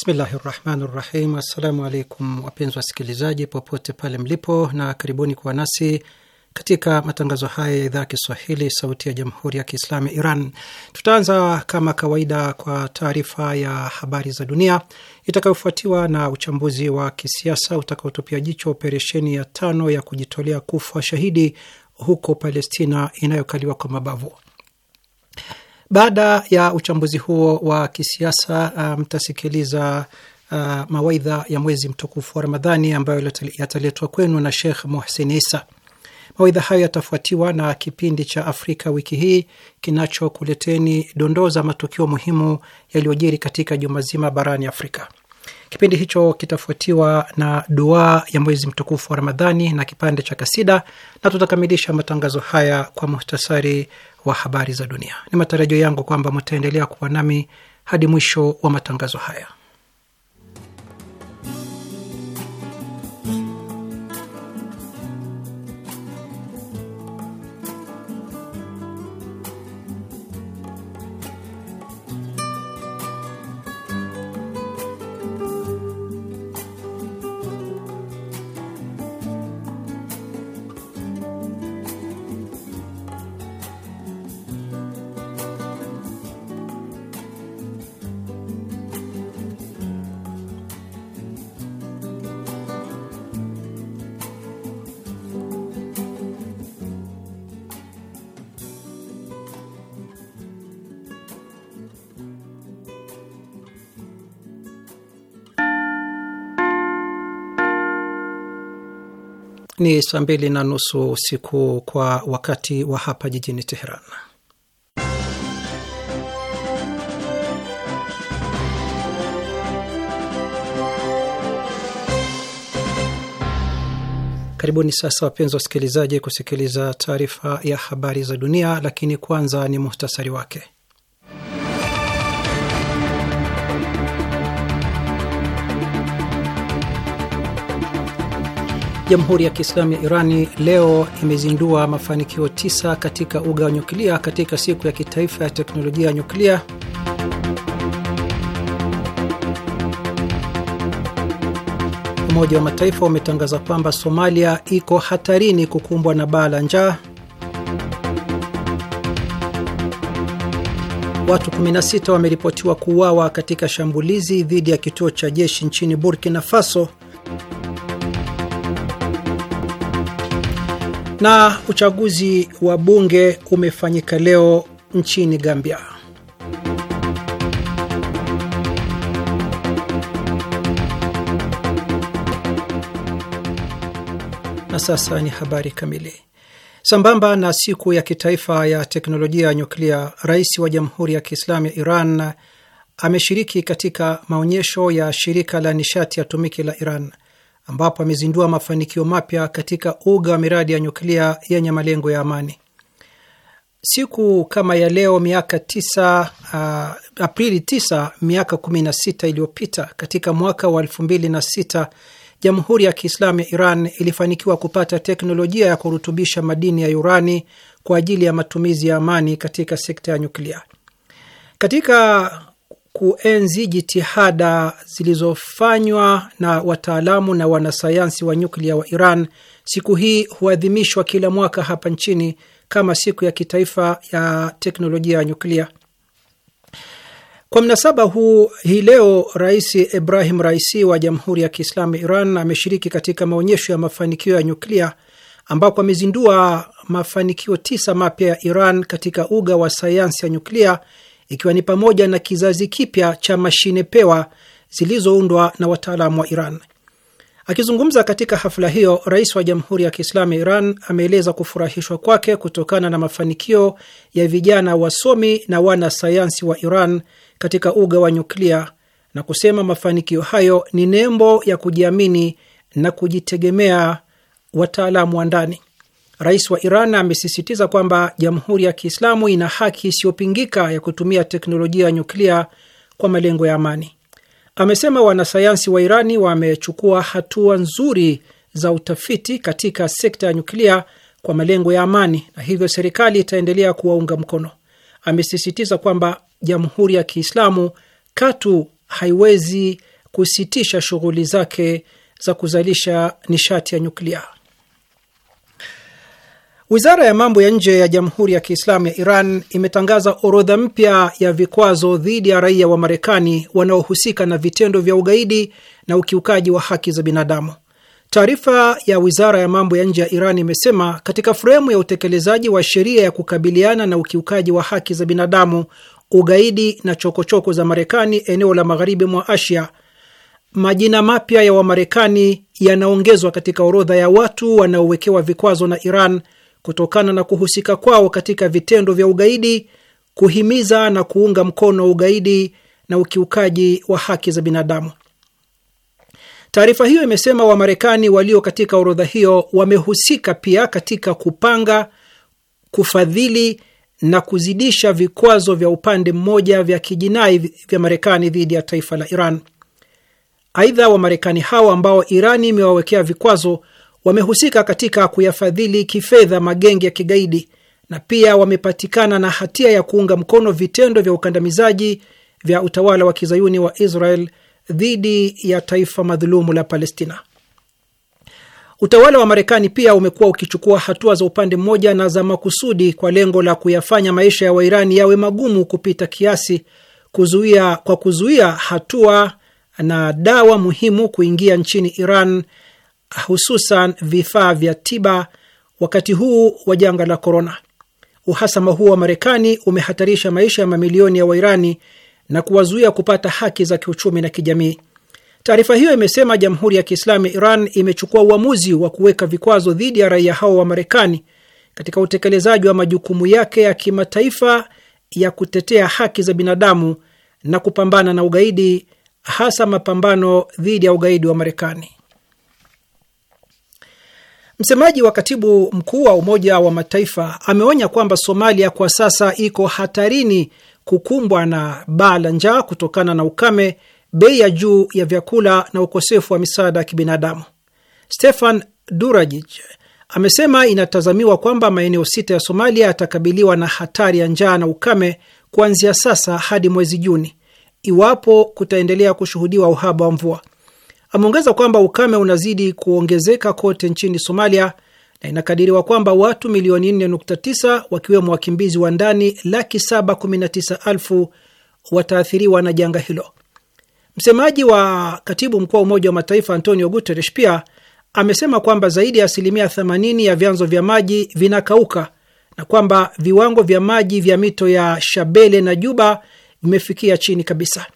Bismillahi rahmani rahim. Assalamu alaikum wapenzi wasikilizaji popote pale mlipo, na karibuni kuwa nasi katika matangazo haya ya idhaa ya Kiswahili sauti ya jamhuri ya Kiislamu ya Iran. Tutaanza kama kawaida kwa taarifa ya habari za dunia itakayofuatiwa na uchambuzi wa kisiasa utakaotupia jicho operesheni ya tano ya kujitolea kufa shahidi huko Palestina inayokaliwa kwa mabavu. Baada ya uchambuzi huo wa kisiasa um, mtasikiliza um, uh, mawaidha ya mwezi mtukufu wa Ramadhani ambayo yataletwa kwenu na Shekh Muhsin Isa. Mawaidha hayo yatafuatiwa na kipindi cha Afrika wiki hii kinachokuleteni dondoo za matukio muhimu yaliyojiri katika juma zima barani Afrika. Kipindi hicho kitafuatiwa na dua ya mwezi mtukufu wa Ramadhani na kipande cha kasida, na tutakamilisha matangazo haya kwa muhtasari wa habari za dunia. Ni matarajio yangu kwamba mtaendelea kuwa nami hadi mwisho wa matangazo haya. Ni saa mbili na nusu usiku kwa wakati wa hapa jijini Teheran. Karibuni sasa wapenzi wasikilizaji, kusikiliza taarifa ya habari za dunia, lakini kwanza ni muhtasari wake. Jamhuri ya Kiislamu ya Irani leo imezindua mafanikio tisa katika uga wa nyuklia katika siku ya kitaifa ya teknolojia ya nyuklia. Umoja wa Mataifa umetangaza kwamba Somalia iko hatarini kukumbwa na baa la njaa. Watu 16 wameripotiwa kuuawa katika shambulizi dhidi ya kituo cha jeshi nchini Burkina Faso Na uchaguzi wa bunge umefanyika leo nchini Gambia. Na sasa ni habari kamili. Sambamba na siku ya kitaifa ya teknolojia ya nyuklia, rais wa Jamhuri ya Kiislamu ya Iran ameshiriki katika maonyesho ya shirika la nishati ya atomiki la Iran ambapo amezindua mafanikio mapya katika uga wa miradi ya nyuklia yenye malengo ya amani. Siku kama ya leo miaka tisa, uh, Aprili 9 miaka 16 iliyopita katika mwaka wa 26 Jamhuri ya Kiislamu ya Iran ilifanikiwa kupata teknolojia ya kurutubisha madini ya urani kwa ajili ya matumizi ya amani katika sekta ya nyuklia. Katika kuenzi jitihada zilizofanywa na wataalamu na wanasayansi wa nyuklia wa Iran. Siku hii huadhimishwa kila mwaka hapa nchini kama siku ya kitaifa ya teknolojia ya nyuklia. Kwa mnasaba huu, hii leo Rais Ibrahim Raisi wa Jamhuri ya Kiislamu Iran ameshiriki katika maonyesho ya mafanikio ya nyuklia ambapo amezindua mafanikio tisa mapya ya Iran katika uga wa sayansi ya nyuklia ikiwa ni pamoja na kizazi kipya cha mashine pewa zilizoundwa na wataalamu wa Iran. Akizungumza katika hafla hiyo, rais wa Jamhuri ya Kiislamu ya Iran ameeleza kufurahishwa kwake kutokana na mafanikio ya vijana wasomi na wanasayansi wa Iran katika uga wa nyuklia na kusema mafanikio hayo ni nembo ya kujiamini na kujitegemea wataalamu wa ndani. Rais wa Iran amesisitiza kwamba Jamhuri ya Kiislamu ina haki isiyopingika ya kutumia teknolojia ya nyuklia kwa malengo ya amani. Amesema wanasayansi wa Irani wamechukua hatua nzuri za utafiti katika sekta ya nyuklia kwa malengo ya amani na hivyo serikali itaendelea kuwaunga mkono. Amesisitiza kwamba Jamhuri ya Kiislamu katu haiwezi kusitisha shughuli zake za kuzalisha nishati ya nyuklia. Wizara ya mambo ya nje ya Jamhuri ya Kiislamu ya Iran imetangaza orodha mpya ya vikwazo dhidi ya raia wa Marekani wanaohusika na vitendo vya ugaidi na ukiukaji wa haki za binadamu. Taarifa ya wizara ya mambo ya nje ya Iran imesema katika fremu ya utekelezaji wa sheria ya kukabiliana na ukiukaji wa haki za binadamu, ugaidi na chokochoko choko za Marekani eneo la magharibi mwa Asia, majina mapya ya Wamarekani yanaongezwa katika orodha ya watu wanaowekewa vikwazo na Iran kutokana na kuhusika kwao katika vitendo vya ugaidi, kuhimiza na kuunga mkono ugaidi na ukiukaji wa haki za binadamu. Taarifa hiyo imesema Wamarekani walio katika orodha hiyo wamehusika pia katika kupanga, kufadhili na kuzidisha vikwazo vya upande mmoja vya kijinai vya Marekani dhidi ya taifa la Iran. Aidha, Wamarekani hao ambao Iran imewawekea vikwazo wamehusika katika kuyafadhili kifedha magenge ya kigaidi na pia wamepatikana na hatia ya kuunga mkono vitendo vya ukandamizaji vya utawala wa kizayuni wa Israel dhidi ya taifa madhulumu la Palestina. Utawala wa Marekani pia umekuwa ukichukua hatua za upande mmoja na za makusudi kwa lengo la kuyafanya maisha ya Wairani yawe magumu kupita kiasi, kuzuia kwa kuzuia hatua na dawa muhimu kuingia nchini Iran hususan vifaa vya tiba wakati huu wa janga la korona. Uhasama huo wa Marekani umehatarisha maisha ya mamilioni ya Wairani na kuwazuia kupata haki za kiuchumi na kijamii. Taarifa hiyo imesema Jamhuri ya Kiislamu ya Iran imechukua uamuzi wa kuweka vikwazo dhidi ya raia hao wa Marekani katika utekelezaji wa majukumu yake ya kimataifa ya kutetea haki za binadamu na kupambana na ugaidi, hasa mapambano dhidi ya ugaidi wa Marekani. Msemaji wa katibu mkuu wa Umoja wa Mataifa ameonya kwamba Somalia kwa sasa iko hatarini kukumbwa na baa la njaa kutokana na ukame, bei ya juu ya vyakula na ukosefu wa misaada ya kibinadamu. Stefan durajic amesema inatazamiwa kwamba maeneo sita ya Somalia yatakabiliwa na hatari ya njaa na ukame kuanzia sasa hadi mwezi Juni iwapo kutaendelea kushuhudiwa uhaba wa mvua. Ameongeza kwamba ukame unazidi kuongezeka kote nchini Somalia na inakadiriwa kwamba watu milioni 4.9 wakiwemo wakimbizi wa ndani laki 719,000 wataathiriwa na janga hilo. Msemaji wa katibu mkuu wa Umoja wa Mataifa Antonio Guterres pia amesema kwamba zaidi ya asilimia 80 ya vyanzo vya maji vinakauka na kwamba viwango vya maji vya mito ya Shabele na Juba vimefikia chini kabisa.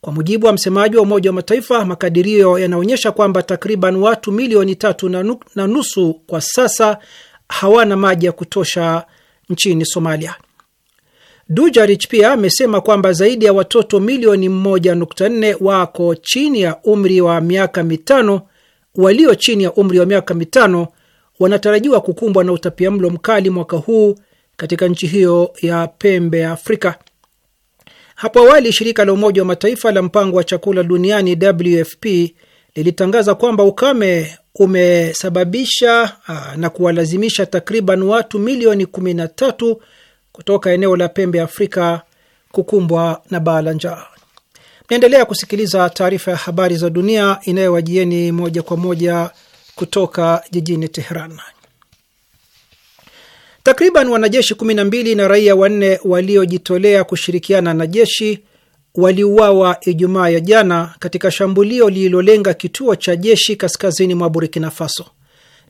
Kwa mujibu wa msemaji wa Umoja wa Mataifa, makadirio yanaonyesha kwamba takriban watu milioni tatu na nusu kwa sasa hawana maji ya kutosha nchini Somalia. Dujarric pia amesema kwamba zaidi ya watoto milioni 1.4 wako chini ya umri wa miaka mitano, walio chini ya umri wa miaka mitano wanatarajiwa kukumbwa na utapiamlo mkali mwaka huu katika nchi hiyo ya pembe ya Afrika. Hapo awali shirika la Umoja wa Mataifa la mpango wa chakula duniani WFP lilitangaza kwamba ukame umesababisha ah, na kuwalazimisha takriban watu milioni 13 kutoka eneo la pembe ya Afrika kukumbwa na baa la njaa. Naendelea kusikiliza taarifa ya habari za dunia inayowajieni moja kwa moja kutoka jijini Teheran. Takriban wanajeshi 12 na raia wanne waliojitolea kushirikiana na jeshi waliuawa Ijumaa ya jana katika shambulio lililolenga kituo cha jeshi kaskazini mwa Burkina Faso.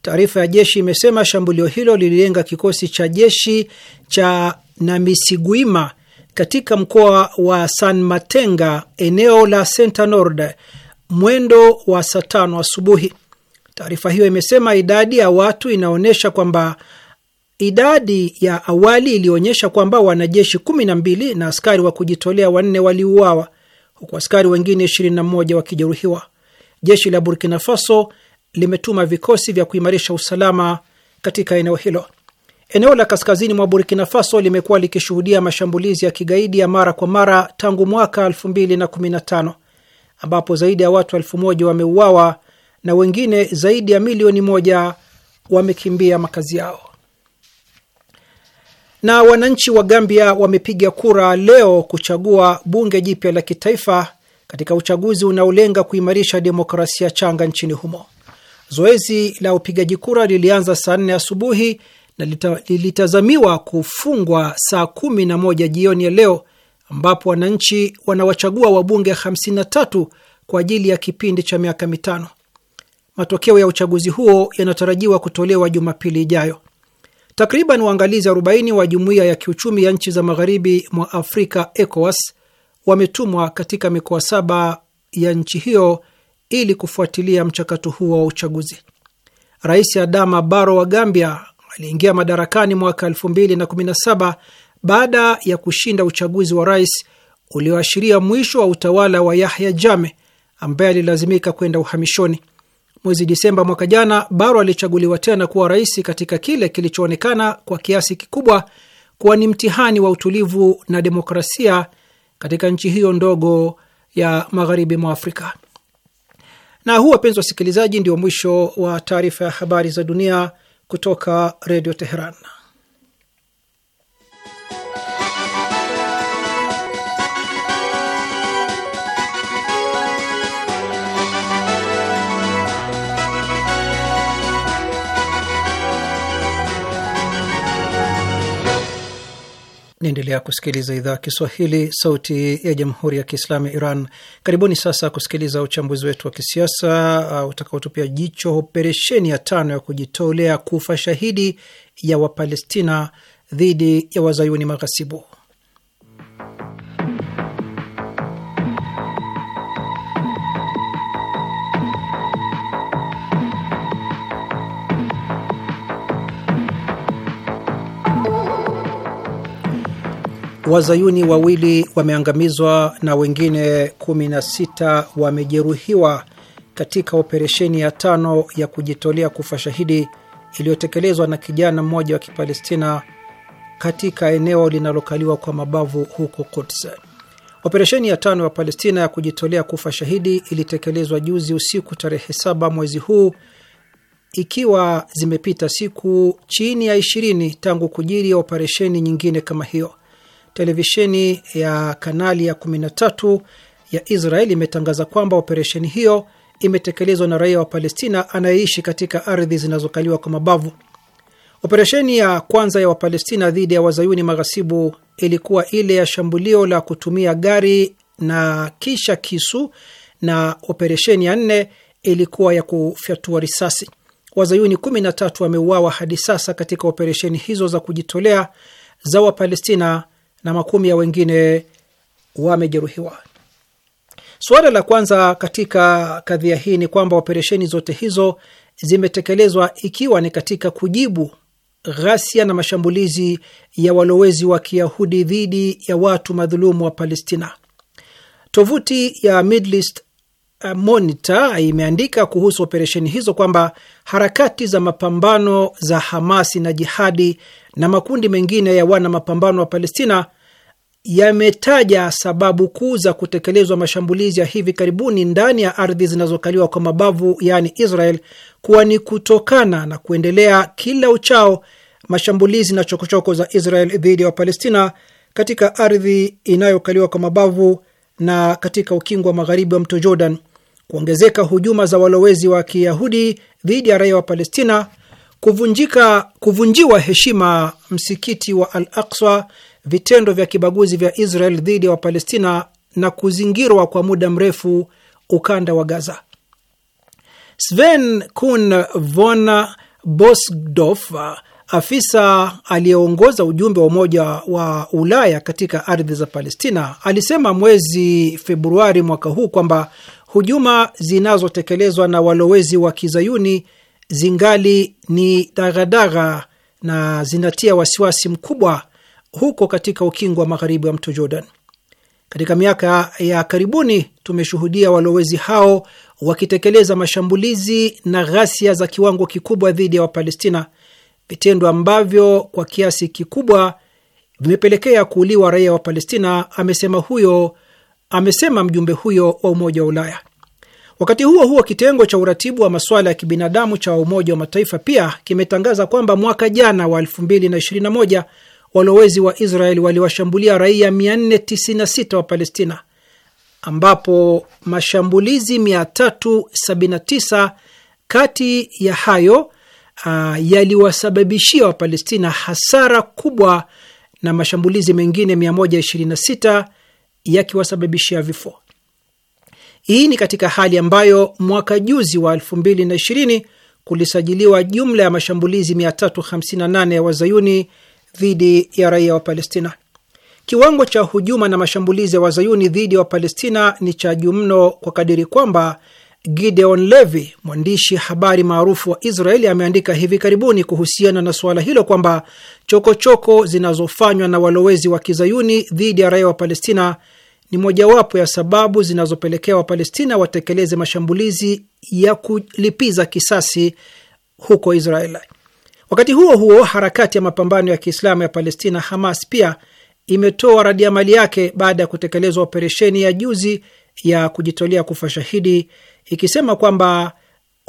Taarifa ya jeshi imesema shambulio hilo lililenga kikosi cha jeshi cha Namisiguima katika mkoa wa San Matenga, eneo la Senta Nord, mwendo wa saa tano asubuhi. Taarifa hiyo imesema idadi ya watu inaonyesha kwamba Idadi ya awali ilionyesha kwamba wanajeshi 12 na askari wa kujitolea wanne waliuawa huku askari wengine 21 wakijeruhiwa. Jeshi la Burkina Faso limetuma vikosi vya kuimarisha usalama katika eneo hilo. Eneo la kaskazini mwa Burkina Faso limekuwa likishuhudia mashambulizi ya kigaidi ya mara kwa mara tangu mwaka 2015 ambapo zaidi ya watu elfu moja wameuawa na wengine zaidi ya milioni moja wamekimbia makazi yao. Na wananchi wa Gambia wamepiga kura leo kuchagua bunge jipya la kitaifa katika uchaguzi unaolenga kuimarisha demokrasia changa nchini humo. Zoezi la upigaji kura lilianza saa nne asubuhi na lilitazamiwa kufungwa saa kumi na moja jioni ya leo, ambapo wananchi wanawachagua wabunge 53 kwa ajili ya kipindi cha miaka mitano. Matokeo ya uchaguzi huo yanatarajiwa kutolewa Jumapili ijayo. Takriban waangalizi 40 wa jumuiya ya kiuchumi ya nchi za magharibi mwa Afrika, ECOWAS, wametumwa katika mikoa saba ya nchi hiyo ili kufuatilia mchakato huo wa uchaguzi. Rais Adama Barrow wa Gambia aliingia madarakani mwaka 2017 baada ya kushinda uchaguzi wa rais ulioashiria mwisho wa utawala wa Yahya Jammeh ambaye alilazimika kwenda uhamishoni. Mwezi Disemba mwaka jana, baro alichaguliwa tena kuwa rais katika kile kilichoonekana kwa kiasi kikubwa kuwa ni mtihani wa utulivu na demokrasia katika nchi hiyo ndogo ya magharibi mwa Afrika. Na huu, wapenzi wasikilizaji, ndio mwisho wa taarifa ya habari za dunia kutoka Redio Teheran. Naendelea kusikiliza idhaa ya Kiswahili, sauti ya jamhuri ya kiislamu ya Iran. Karibuni sasa kusikiliza uchambuzi wetu wa kisiasa uh, utakaotupia jicho operesheni ya tano ya kujitolea kufa shahidi ya Wapalestina dhidi ya wazayuni maghasibu. wazayuni wawili wameangamizwa na wengine 16 wamejeruhiwa katika operesheni ya tano ya kujitolea kufa shahidi iliyotekelezwa na kijana mmoja wa Kipalestina katika eneo linalokaliwa kwa mabavu huko Quds. Operesheni ya tano ya Palestina ya kujitolea kufa shahidi ilitekelezwa juzi usiku tarehe saba mwezi huu, ikiwa zimepita siku chini ya ishirini tangu kujiri operesheni nyingine kama hiyo televisheni ya kanali ya 13 ya Israel imetangaza kwamba operesheni hiyo imetekelezwa na raia wa Palestina anayeishi katika ardhi zinazokaliwa kwa mabavu. Operesheni ya kwanza ya Wapalestina dhidi ya wazayuni maghasibu ilikuwa ile ya shambulio la kutumia gari na kisha kisu, na operesheni ya nne ilikuwa ya kufyatua risasi. Wazayuni 13 wameuawa hadi sasa katika operesheni hizo za kujitolea za Wapalestina na makumi ya wengine wamejeruhiwa. Suala la kwanza katika kadhia hii ni kwamba operesheni zote hizo zimetekelezwa ikiwa ni katika kujibu ghasia na mashambulizi ya walowezi wa Kiyahudi dhidi ya watu madhulumu wa Palestina. Tovuti ya Middle East Uh, Monitor imeandika kuhusu operesheni hizo kwamba harakati za mapambano za Hamasi na Jihadi na makundi mengine ya wana mapambano wa Palestina yametaja sababu kuu za kutekelezwa mashambulizi ya hivi karibuni ndani ya ardhi zinazokaliwa kwa mabavu yaani Israel kuwa ni kutokana na kuendelea kila uchao mashambulizi na chokochoko za Israel dhidi ya Wapalestina katika ardhi inayokaliwa kwa mabavu na katika ukingo wa magharibi wa mto Jordan kuongezeka hujuma za walowezi wa Kiyahudi dhidi ya raia wa Palestina, kuvunjika kuvunjiwa heshima msikiti wa Al Aqsa, vitendo vya kibaguzi vya Israel dhidi ya Wapalestina na kuzingirwa kwa muda mrefu ukanda wa Gaza. Sven Kun von Bosdorf, afisa aliyeongoza ujumbe wa Umoja wa Ulaya katika ardhi za Palestina, alisema mwezi Februari mwaka huu kwamba hujuma zinazotekelezwa na walowezi wa kizayuni zingali ni daghadagha na zinatia wasiwasi mkubwa huko katika ukingo wa magharibi wa mto Jordan. Katika miaka ya karibuni tumeshuhudia walowezi hao wakitekeleza mashambulizi na ghasia za kiwango kikubwa dhidi ya Wapalestina, vitendo ambavyo kwa kiasi kikubwa vimepelekea kuuliwa raia wa Palestina, amesema huyo amesema mjumbe huyo wa Umoja wa Ulaya. Wakati huo huo, kitengo cha uratibu wa masuala ya kibinadamu cha Umoja wa Mataifa pia kimetangaza kwamba mwaka jana wa 2021 walowezi wa Israel waliwashambulia raia 496 wa Palestina, ambapo mashambulizi 379 kati ya hayo uh, yaliwasababishia Wapalestina hasara kubwa na mashambulizi mengine 126 yakiwasababishia vifo. Hii ni katika hali ambayo mwaka juzi wa 2020 kulisajiliwa jumla ya mashambulizi 358 ya wazayuni dhidi ya raia wa Palestina. Kiwango cha hujuma na mashambulizi ya wazayuni dhidi ya wa Wapalestina ni cha juu mno kwa kadiri kwamba Gideon Levi, mwandishi habari maarufu wa Israeli, ameandika hivi karibuni kuhusiana na suala hilo kwamba chokochoko zinazofanywa na walowezi wa kizayuni dhidi ya raia wa Palestina ni mojawapo ya sababu zinazopelekea Wapalestina watekeleze mashambulizi ya kulipiza kisasi huko israel Wakati huo huo, harakati ya mapambano ya Kiislamu ya Palestina, Hamas, pia imetoa radiamali yake baada ya kutekelezwa operesheni ya juzi ya kujitolea kufa shahidi ikisema kwamba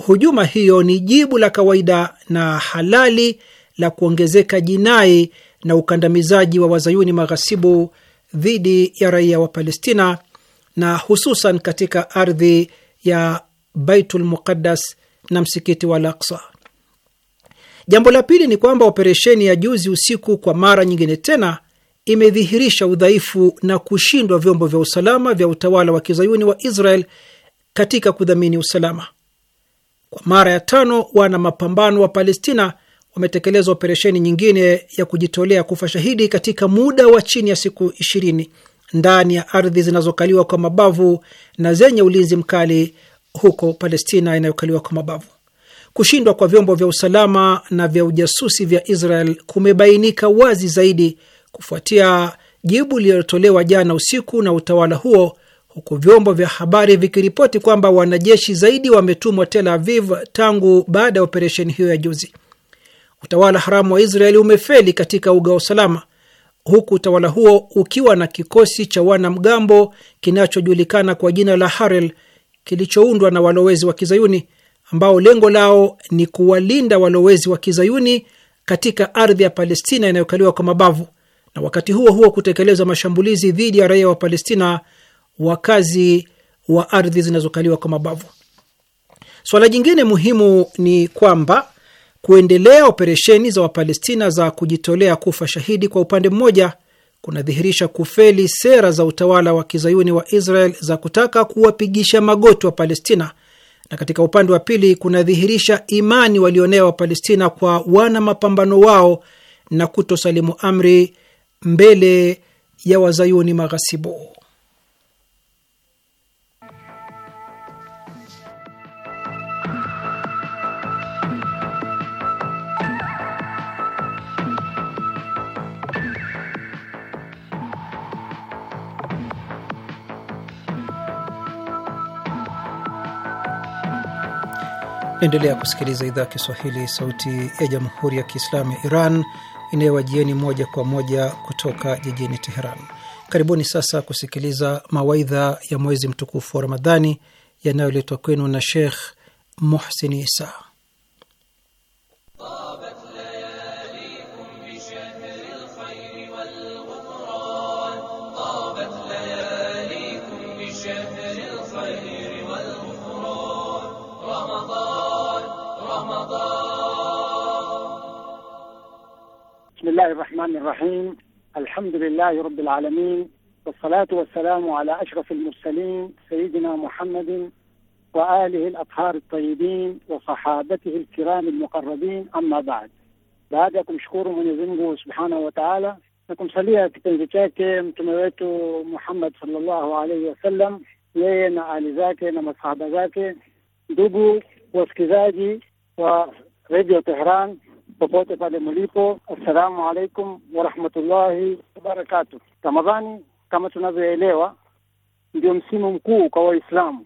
hujuma hiyo ni jibu la kawaida na halali la kuongezeka jinai na ukandamizaji wa wazayuni maghasibu dhidi ya raia wa Palestina na hususan katika ardhi ya Baitul Muqaddas na msikiti wa Al-Aqsa. Jambo la pili ni kwamba operesheni ya juzi usiku kwa mara nyingine tena imedhihirisha udhaifu na kushindwa vyombo vya usalama vya utawala wa kizayuni wa Israel katika kudhamini usalama. Kwa mara ya tano, wana mapambano wa Palestina wametekeleza operesheni nyingine ya kujitolea kufa shahidi katika muda wa chini ya siku ishirini ndani ya ardhi zinazokaliwa kwa mabavu na zenye ulinzi mkali huko Palestina inayokaliwa kwa mabavu. Kushindwa kwa vyombo vya usalama na vya ujasusi vya Israel kumebainika wazi zaidi kufuatia jibu lililotolewa jana usiku na utawala huo huku vyombo vya habari vikiripoti kwamba wanajeshi zaidi wametumwa Tel Aviv tangu baada ya operesheni hiyo ya juzi. Utawala haramu wa Israeli umefeli katika uga wa usalama, huku utawala huo ukiwa na kikosi cha wanamgambo kinachojulikana kwa jina la Harel kilichoundwa na walowezi wa kizayuni ambao lengo lao ni kuwalinda walowezi wa kizayuni katika ardhi ya Palestina inayokaliwa kwa mabavu na wakati huo huo kutekeleza mashambulizi dhidi ya raia wa Palestina wakazi wa ardhi zinazokaliwa kwa mabavu. Swala jingine muhimu ni kwamba kuendelea operesheni za Wapalestina za kujitolea kufa shahidi kwa upande mmoja kunadhihirisha kufeli sera za utawala wa kizayuni wa Israel za kutaka kuwapigisha magoti wa Palestina, na katika upande wa pili kunadhihirisha imani walionea Wapalestina kwa wana mapambano wao na kutosalimu amri mbele ya wazayuni maghasibu. Naendelea kusikiliza idhaa ya Kiswahili, sauti ya jamhuri ya kiislamu ya Iran inayowajieni moja kwa moja kutoka jijini Teheran. Karibuni sasa kusikiliza mawaidha ya mwezi mtukufu wa Ramadhani yanayoletwa kwenu na Shekh Muhsin Isa. بسم الله الرحمن الرحيم الحمد لله رب العالمين والصلاة والسلام على أشرف المرسلين سيدنا محمد وآله الأطهار الطيبين وصحابته الكرام المقربين أما بعد بعدكم شكور من يزنقه سبحانه وتعالى لكم صلية تنزيتك تنويت محمد صلى الله عليه وسلم لينا آل ذاك نما صحابة ذاك دوبو وفكزاجي وراديو طهران popote pale mlipo, assalamu alaikum warahmatullahi wabarakatu. Ramadhani kama tunavyoelewa ndio msimu mkuu kwa Waislamu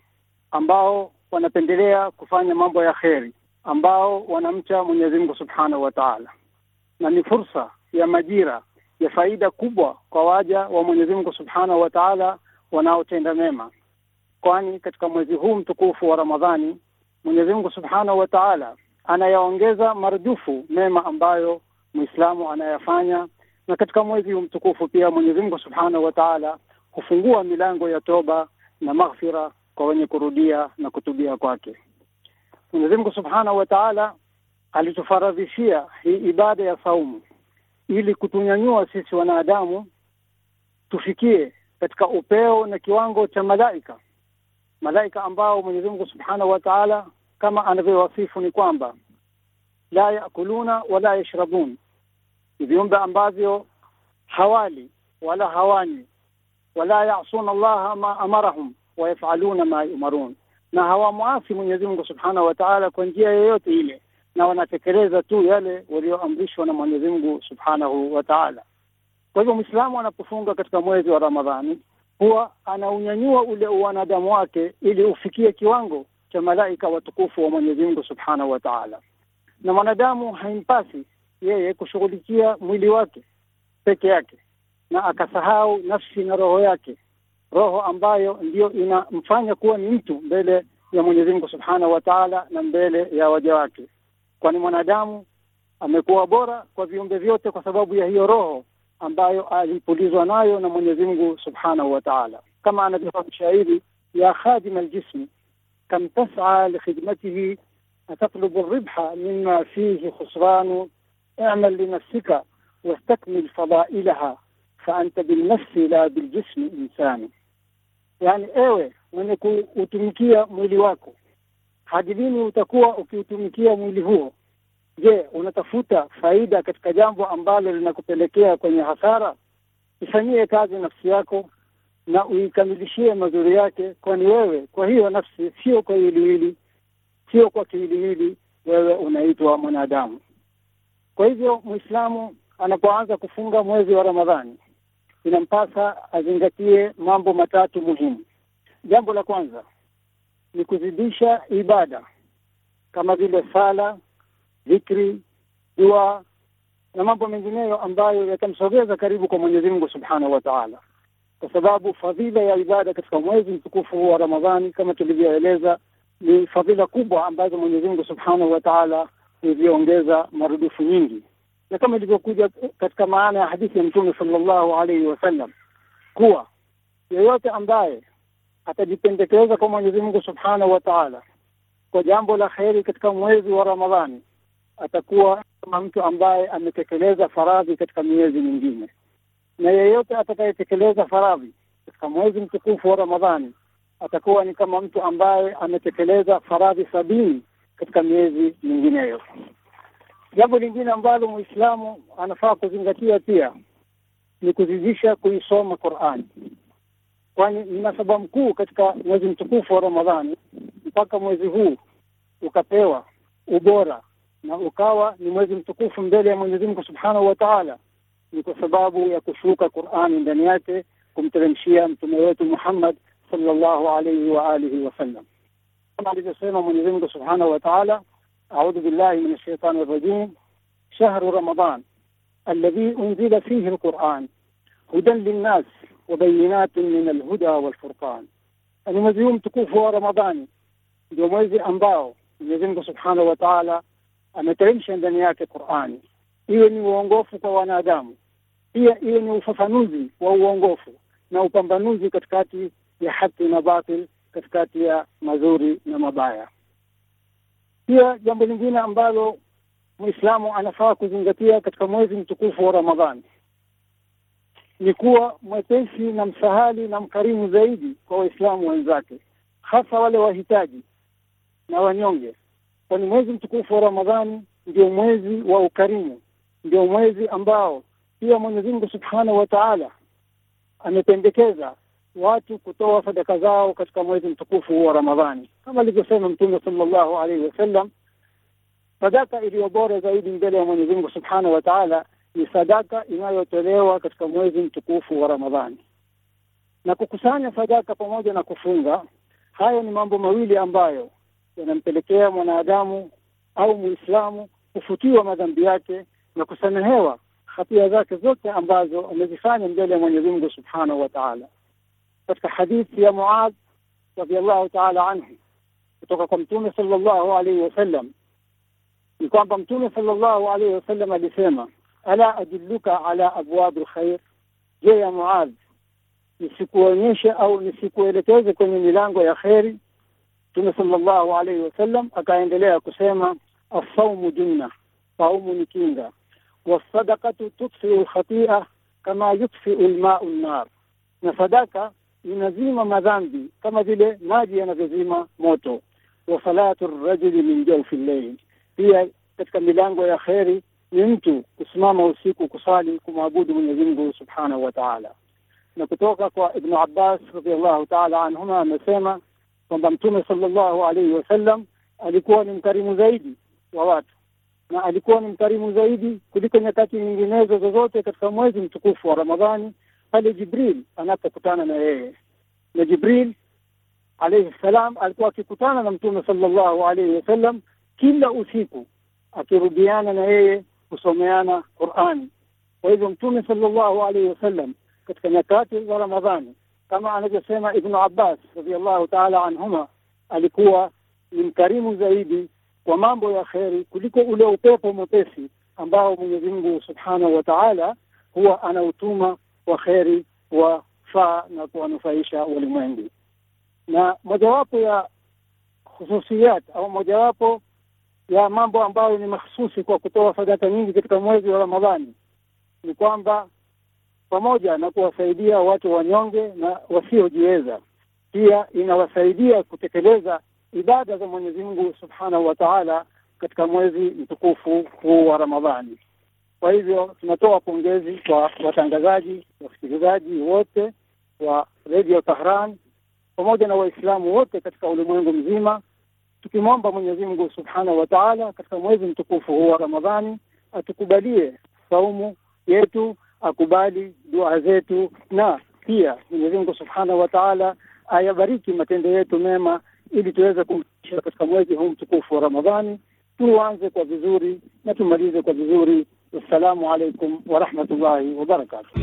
ambao wanapendelea kufanya mambo ya kheri, ambao wanamcha Mwenyezi Mungu subhanahu wa taala, na ni fursa ya majira ya faida kubwa kwa waja wa Mwenyezi Mungu subhanahu wa taala wanaotenda mema, kwani katika mwezi huu mtukufu wa Ramadhani Mwenyezi Mungu subhanahu wa taala anayaongeza marudufu mema ambayo Mwislamu anayafanya, na katika mwezi mtukufu pia Mwenyezi Mungu Subhanahu wa Ta'ala hufungua milango ya toba na maghfira kwa wenye kurudia na kutubia kwake. Mwenyezi Mungu Subhanahu wa Ta'ala alitufaradhishia hii ibada ya saumu ili kutunyanyua sisi wanadamu tufikie katika upeo na kiwango cha malaika, malaika ambao Mwenyezi Mungu Subhanahu wa Ta'ala kama anavyowasifu ni kwamba la yakuluna wala yashrabun, ni viumbe ambavyo hawali wala hawanywi, wala yasuna llaha ma amarahum wayafaluna ma yumarun, na hawamwasi Mwenyezi Mungu subhanahu wa taala kwa njia yoyote ile, na wanatekeleza tu yale walioamrishwa na Mwenyezi Mungu subhanahu wa taala. Kwa hivyo Mwislamu anapofunga katika mwezi wa Ramadhani huwa anaunyanyua ule uwanadamu wake ili ufikie kiwango cha malaika watukufu wa Mwenyezi Mungu Subhanahu wa Ta'ala, na mwanadamu haimpasi yeye kushughulikia mwili wake peke yake na akasahau nafsi na roho yake, roho ambayo ndiyo inamfanya kuwa ni mtu mbele ya Mwenyezi Mungu Subhanahu wa Ta'ala na mbele ya waja wake, kwani mwanadamu amekuwa bora kwa viumbe vyote kwa sababu ya hiyo roho ambayo alipulizwa nayo na Mwenyezi Mungu Subhanahu wa Ta'ala, kama anavyosema mshairi ya khadima aljismi كم تسعى لخدمته أتطلب الربح مما فيه خسران اعمل لنفسك واستكمل فضائلها فأنت بالنفس لا بالجسم إنسان yaani ewe mwenye kuutumikia mwili wako hadilini utakuwa ukiutumikia mwili huo je unatafuta faida katika jambo ambalo linakupelekea kwenye hasara ifanyie kazi nafsi yako na uikamilishie mazuri yake, kwani wewe kwa hiyo nafsi, sio kwa hiliwili, sio kwa kiwiliwili wewe unaitwa mwanadamu. Kwa hivyo Mwislamu anapoanza kufunga mwezi wa Ramadhani inampasa azingatie mambo matatu muhimu. Jambo la kwanza ni kuzidisha ibada kama vile sala, dhikri, dua na mambo mengineyo ambayo yatamsogeza karibu kwa Mwenyezi Mungu Subhanahu wa Ta'ala kwa sababu fadhila ya ibada katika mwezi mtukufu wa Ramadhani kama tulivyoeleza ni fadhila kubwa ambazo Mwenyezi Mungu Subhanahu wa Ta'ala huziongeza marudufu nyingi, na kama ilivyokuja katika maana ya hadithi ya Mtume sallallahu alaihi wasallam kuwa yeyote ambaye atajipendekeza kwa Mwenyezi Mungu Subhanahu wa Ta'ala kwa jambo la kheri katika mwezi wa Ramadhani atakuwa kama mtu ambaye ametekeleza faradhi katika miezi mingine na yeyote atakayetekeleza faradhi katika mwezi mtukufu wa Ramadhani atakuwa ni kama mtu ambaye ametekeleza faradhi sabini katika miezi mingineyo. Jambo lingine ambalo Muislamu anafaa kuzingatia pia ni kuzidisha kuisoma Qur'ani, kwani ina sababu kuu katika mwezi mtukufu wa Ramadhani mpaka mwezi huu ukapewa ubora na ukawa ni mwezi mtukufu mbele ya Mwenyezi Mungu Subhanahu wa Ta'ala ni kwa sababu ya kushuka Qur'ani ndani yake kumteremshia mtume wetu Muhammad sallallahu alayhi wa alihi wasallam, kama alivyosema Mwenyezi Mungu subhanahu wa ta'ala, a'udhu billahi minash shaitani rajim shahru ramadan alladhi unzila fihi alquran hudan linnas wa bayinatin min alhuda walfurqan, ni mwezi huu mtukufu wa Ramadhani ndio mwezi ambao Mwenyezi Mungu subhanahu wa ta'ala ameteremsha ndani yake Qur'ani, iwe ni uongofu kwa wanadamu pia iwe ni ufafanuzi wa uongofu na upambanuzi katikati ya haki na batil, katikati ya mazuri na mabaya. Pia jambo lingine ambalo Muislamu anafaa kuzingatia katika mwezi mtukufu wa Ramadhani ni kuwa mwepesi na msahali na mkarimu zaidi kwa Waislamu wenzake, hasa wale wahitaji na wanyonge, kwani mwezi mtukufu wa Ramadhani ndio mwezi wa ukarimu, ndio mwezi ambao pia Mwenyezi Mungu Subhanahu wa Ta'ala amependekeza watu kutoa sadaka zao katika mwezi mtukufu wa Ramadhani, kama alivyosema Mtume sallallahu alaihi wasallam, sadaka iliyo bora zaidi mbele ya Mwenyezi Mungu Subhanahu wa Ta'ala ni sadaka inayotolewa katika mwezi mtukufu wa Ramadhani. Na kukusanya sadaka pamoja na kufunga, hayo ni mambo mawili ambayo yanampelekea mwanadamu au Muislamu kufutiwa madhambi yake na kusamehewa خطية ذاك الزوج أنبازه الذي خان يمدلهم أن يذنبه سبحانه وتعالى ففي حديث يا معاذ رضي الله تعالى عنه وتقكم تومي صلى الله عليه وسلم يقام بمتومي صلى الله عليه وسلم لسيما ألا أدلك على أبواب الخير جاء يا معاذ نسيكوينيش أو نسيكوينيش كون ميلانغو يا خيري تومي صلى الله عليه وسلم أكاين دليا كسيما الصوم جنة صوم نكينغا wassadaqatu tutfiu lkhatia kama yutfiu lmau lnar na sadaka inazima madhambi kama vile maji yanavyozima moto. Wa salatu rajuli min jawfi lleil, pia katika milango ya kheri ni mtu kusimama usiku kusali kumwabudu Mwenyezi Mungu subhanahu wa taala. Na kutoka kwa Ibnu Abbas radhiallahu taala anhuma amesema kwamba Mtume sallallahu alaihi wasallam alikuwa ni mkarimu zaidi wa watu na alikuwa ni mkarimu zaidi kuliko nyakati nyinginezo zozote katika mwezi mtukufu wa Ramadhani pale Jibril anapokutana na yeye. Na Jibril alayhi salam alikuwa akikutana na Mtume sallallahu alayhi wasallam kila usiku, akirudiana na yeye kusomeana Qur'ani. Kwa hivyo Mtume sallallahu alayhi wasallam katika nyakati za Ramadhani, kama anavyosema Ibnu Abbas radhiyallahu ta'ala anhuma, alikuwa ni mkarimu zaidi kwa mambo ya kheri kuliko ule upepo mwepesi ambao Mwenyezi Mungu Subhanahu wa Ta'ala huwa anautuma kwa kheri kuwafaa na kuwanufaisha walimwengu. Na mojawapo ya hususiyat au mojawapo ya mambo ambayo ni mahsusi kwa kutoa sadaka nyingi katika mwezi wa Ramadhani ni kwamba pamoja na kuwasaidia watu wanyonge na wasiojiweza, pia inawasaidia kutekeleza ibada za Mwenyezi Mungu Subhanahu wa Ta'ala katika mwezi mtukufu huu wa Ramadhani. Kwa hivyo tunatoa pongezi kwa watangazaji, wasikilizaji wote wa Radio Tehran pamoja na Waislamu wote katika ulimwengu mzima, tukimwomba Mwenyezi Mungu Subhanahu wa Ta'ala katika mwezi mtukufu huu wa Ramadhani atukubalie saumu yetu, akubali dua zetu, na pia Mwenyezi Mungu Subhanahu wa Ta'ala ayabariki matendo yetu mema ili tuweze kumfikisha katika mwezi huu mtukufu wa Ramadhani. Tuanze kwa vizuri na tumalize kwa vizuri. Wassalamu alaikum warahmatullahi wabarakatuh.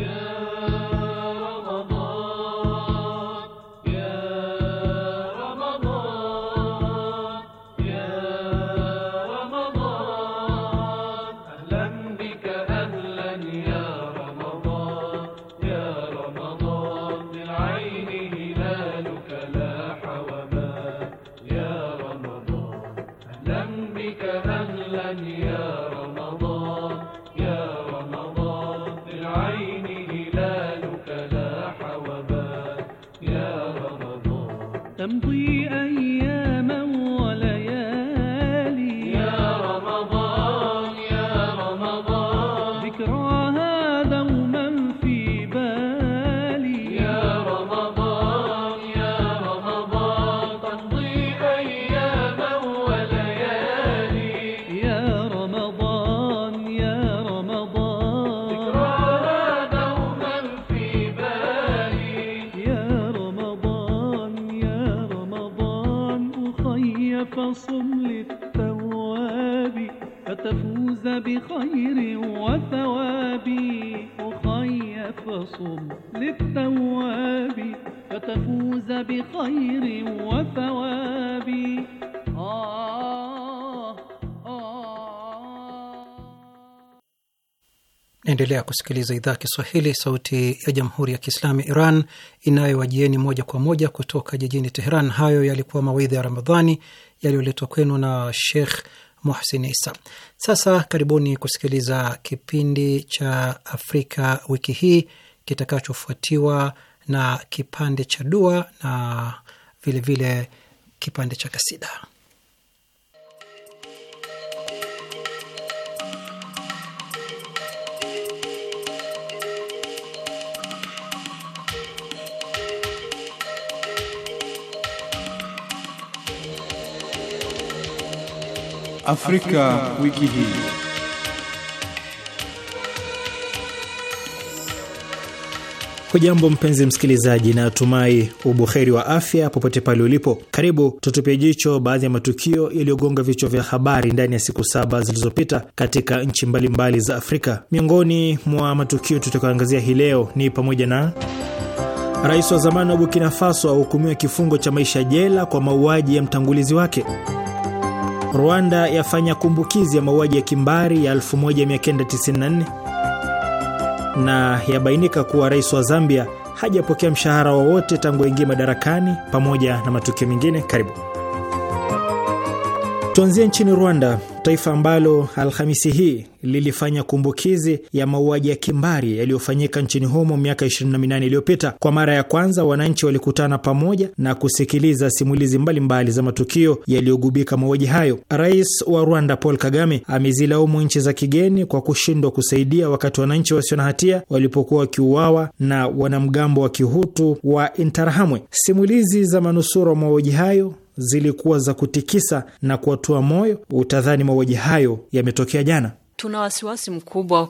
فتفوز بخير وثواب أخي فصم للتواب فتفوز بخير وثواب Naendelea kusikiliza idhaa Kiswahili sauti ya jamhuri ya Kiislamu ya Iran inayowajieni moja kwa moja kutoka jijini Teheran. Hayo yalikuwa mawaidha ya Ramadhani yaliyoletwa kwenu na Shekh muhsin Isa. Sasa karibuni kusikiliza kipindi cha Afrika wiki hii kitakachofuatiwa na kipande cha dua na vilevile vile kipande cha kasida. Afrika, wiki hii. Hujambo mpenzi msikilizaji, na tumai ubuheri wa afya popote pale ulipo. Karibu tutupie jicho baadhi ya matukio yaliyogonga vichwa vya habari ndani ya siku saba zilizopita katika nchi mbalimbali za Afrika. Miongoni mwa matukio tutakayoangazia hii leo ni pamoja na rais wa zamani wa Burkina Faso ahukumiwa kifungo cha maisha jela kwa mauaji ya mtangulizi wake Rwanda yafanya kumbukizi ya mauaji ya kimbari ya 1994 na yabainika kuwa rais wa Zambia hajapokea mshahara wowote tangu aingie madarakani, pamoja na matukio mengine. Karibu tuanzie nchini Rwanda taifa ambalo Alhamisi hii lilifanya kumbukizi ya mauaji ya kimbari yaliyofanyika nchini humo miaka 28 iliyopita. Kwa mara ya kwanza, wananchi walikutana pamoja na kusikiliza simulizi mbalimbali mbali za matukio yaliyogubika mauaji hayo. Rais wa Rwanda Paul Kagame amezilaumu nchi za kigeni kwa kushindwa kusaidia wakati wananchi wasio na hatia walipokuwa wakiuawa na wanamgambo wa Kihutu wa Interahamwe. Simulizi za manusura wa mauaji hayo zilikuwa za kutikisa na kuwatua moyo, utadhani mauaji hayo yametokea jana. Tuna wasiwasi mkubwa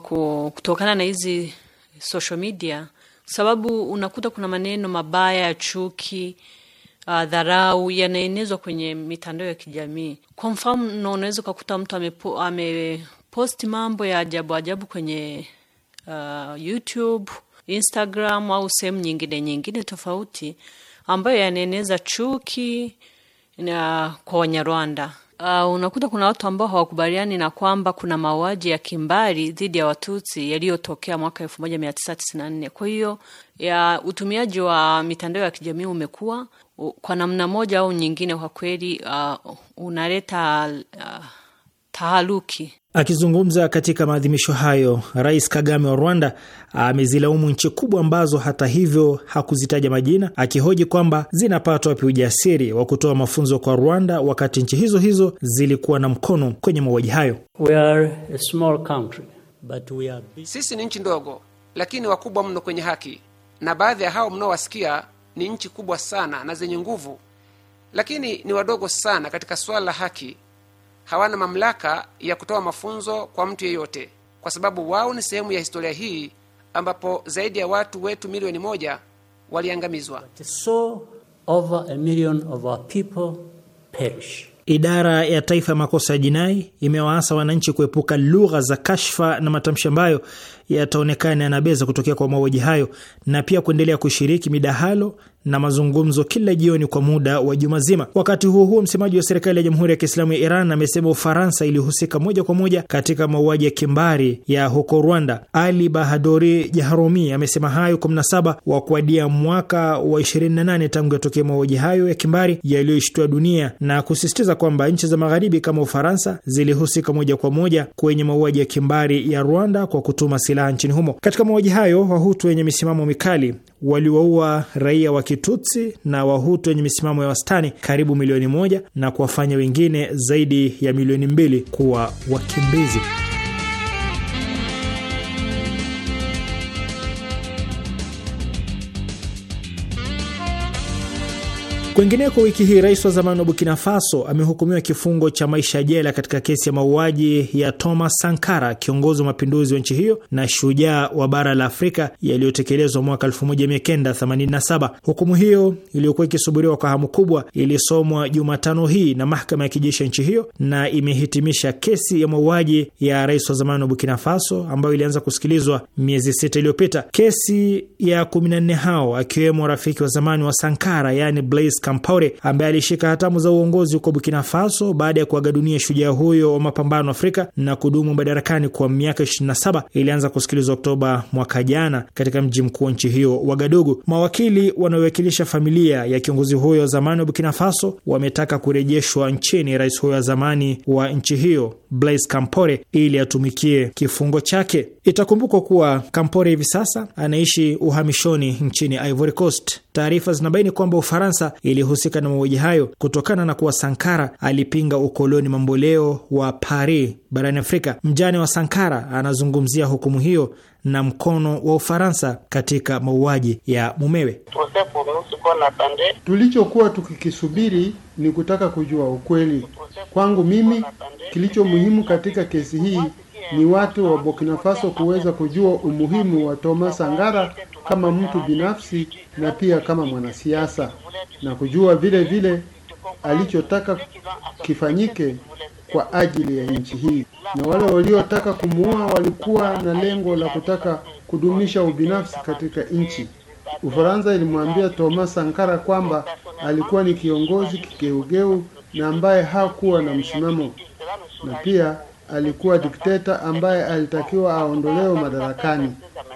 kutokana na hizi social media, sababu unakuta kuna maneno mabaya ya chuki Uh, dharau yanaenezwa kwenye mitandao ya kijamii. Kwa mfano, unaweza ukakuta mtu ameposti ame mambo ya ajabu ajabu kwenye uh, YouTube, Instagram au sehemu nyingine nyingine tofauti ambayo yanaeneza chuki na kwa Wanyarwanda. Uh, unakuta kuna watu ambao hawakubaliani na kwamba kuna mauaji ya kimbari dhidi ya Watutsi yaliyotokea mwaka mia nne. Kwa hiyo ya utumiaji wa mitandao ya kijamii umekuwa kwa namna moja au nyingine, kwa kweli uh, unaleta uh, taharuki Akizungumza katika maadhimisho hayo, Rais Kagame wa Rwanda amezilaumu nchi kubwa ambazo hata hivyo hakuzitaja majina, akihoji kwamba zinapata wapi ujasiri wa kutoa mafunzo kwa Rwanda wakati nchi hizo hizo zilikuwa na mkono kwenye mauaji hayo. We are a small country, but we are big. Sisi ni nchi ndogo lakini wakubwa mno kwenye haki, na baadhi ya hao mnaowasikia ni nchi kubwa sana na zenye nguvu, lakini ni wadogo sana katika suala la haki hawana mamlaka ya kutoa mafunzo kwa mtu yeyote, kwa sababu wao ni sehemu ya historia hii ambapo zaidi ya watu wetu milioni moja waliangamizwa. Idara ya Taifa ya Makosa ya Jinai imewaasa wananchi kuepuka lugha za kashfa na matamshi ambayo yataonekana yanabeza kutokea kwa mauaji hayo na pia kuendelea kushiriki midahalo na mazungumzo kila jioni kwa muda wa juma zima. Wakati huo huo, msemaji wa serikali ya Jamhuri ya Kiislamu ya Iran amesema Ufaransa ilihusika moja kwa moja katika mauaji ya kimbari ya huko Rwanda. Ali Bahadori Jaharomi amesema hayo kwa mnasaba wa kuadia mwaka wa 28 tangu yatokea mauaji hayo ya kimbari yaliyoishtua dunia na kusisitiza kwamba nchi za magharibi kama Ufaransa zilihusika moja kwa moja kwenye mauaji ya kimbari ya Rwanda kwa kutuma silaha nchini humo. Katika mauaji hayo, Wahutu wenye misimamo mikali waliwaua raia wa Kitutsi na Wahutu wenye misimamo ya wastani karibu milioni moja na kuwafanya wengine zaidi ya milioni mbili kuwa wakimbizi. Kwengineko, wiki hii rais wa zamani wa Burkina Faso amehukumiwa kifungo cha maisha jela katika kesi ya mauaji ya Thomas Sankara, kiongozi wa mapinduzi wa nchi hiyo na shujaa wa bara la Afrika, yaliyotekelezwa mwaka 1987. Hukumu hiyo iliyokuwa ikisubiriwa kwa hamu kubwa ilisomwa Jumatano hii na mahakama ya kijeshi ya nchi hiyo na imehitimisha kesi ya mauaji ya rais wa zamani wa Burkina Faso ambayo ilianza kusikilizwa miezi sita iliyopita. Kesi ya 14 hao akiwemo rafiki wa zamani wa Sankara, yani Blaise Compaore ambaye alishika hatamu za uongozi huko Burkina Faso baada ya kuaga dunia shujaa huyo wa mapambano Afrika na kudumu madarakani kwa miaka 27 ilianza kusikilizwa Oktoba mwaka jana katika mji mkuu wa nchi hiyo Wagadugu. Mawakili wanaowakilisha familia ya kiongozi huyo wa zamani wa Burkina Faso wametaka kurejeshwa nchini rais huyo wa zamani wa nchi hiyo Blaise Kampore ili atumikie kifungo chake. Itakumbukwa kuwa kampore hivi sasa anaishi uhamishoni nchini Ivory Coast. Taarifa zinabaini kwamba Ufaransa ilihusika na mauaji hayo kutokana na kuwa Sankara alipinga ukoloni mamboleo wa Paris barani Afrika. Mjane wa Sankara anazungumzia hukumu hiyo na mkono wa Ufaransa katika mauaji ya mumewe. Tulichokuwa tukikisubiri ni kutaka kujua ukweli. Kwangu mimi, kilicho muhimu katika kesi hii ni watu wa Burkina Faso kuweza kujua umuhimu wa Thomas Sankara kama mtu binafsi na pia kama mwanasiasa, na kujua vile vile alichotaka kifanyike kwa ajili ya nchi hii, na wale waliotaka kumuua walikuwa na lengo la kutaka kudumisha ubinafsi katika nchi. Ufaransa ilimwambia Thomas Sankara kwamba alikuwa ni kiongozi kigeugeu na ambaye hakuwa na msimamo, na pia alikuwa dikteta ambaye alitakiwa aondolewe madarakani.